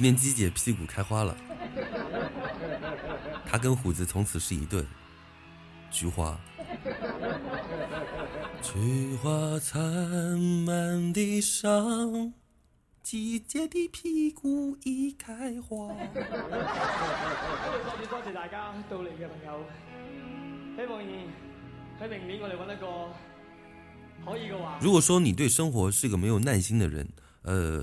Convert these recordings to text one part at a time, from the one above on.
今天雞姐屁股開花了，他跟虎子從此是一對菊花。菊花殘，滿地傷，雞姐的屁股已開花。多謝大家到嚟嘅朋友，希望你喺明年我哋揾一個可以嘅話。如果說你對生活是一個沒有耐心的人，呃。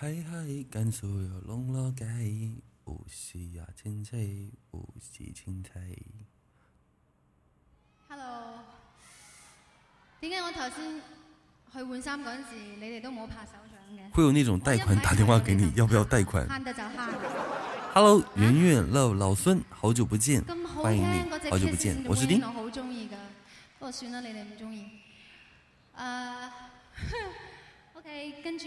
嗨嗨，感受要攏落家己，有、哦哦、時也清彩，有時清彩 Hello，點解我頭先去換衫嗰陣時，你哋都冇拍手掌嘅？會有那種貸款打電話給你，要不要貸款 ？Hello，圓圓 love 老孫，好久不見，啊、歡迎你，好久不見，我是丁。 不過算啦，你哋唔鍾意。okay，跟住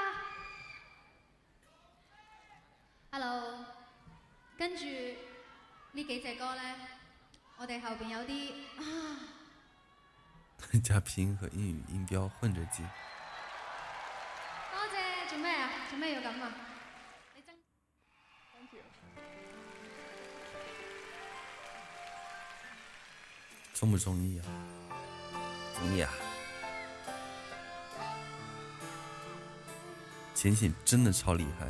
Hello，跟住呢幾隻歌咧，我哋後邊有啲啊，加拼音和英語音標混着記。多謝，做咩啊？做咩要咁啊？Thank you。中唔中意啊？中意啊！淺淺真的超厲害。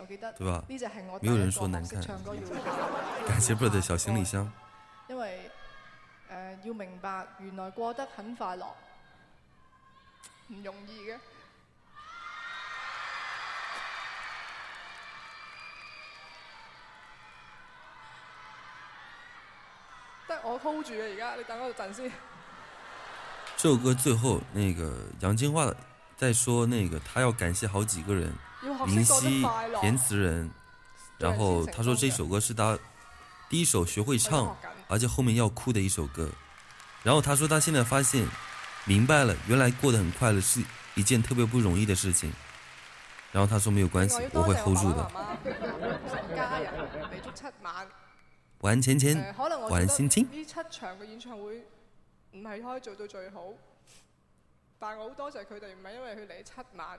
我記得呢隻係我當黃色唱感謝小行李箱，因為、呃、要明白，原來過得很快樂，唔容易嘅。但我 hold 住啊。而家，你等我一陣先。這首歌最後那個楊千嬅在說，那個他要感謝好幾個人。明林夕填詞人，對然後他說這首歌是他第一首學會唱，而且後面要哭的一首歌。然後他說他現在發現明白了，原來過得很快樂是一件特別不容易的事情。然後他說沒有關係，我會 hold 住的。我 七晚安，芊芊。晚安，心心。可能我覺得七場嘅演唱會唔係可以做到最好，但我好多謝佢哋，唔係因為佢嚟七晚。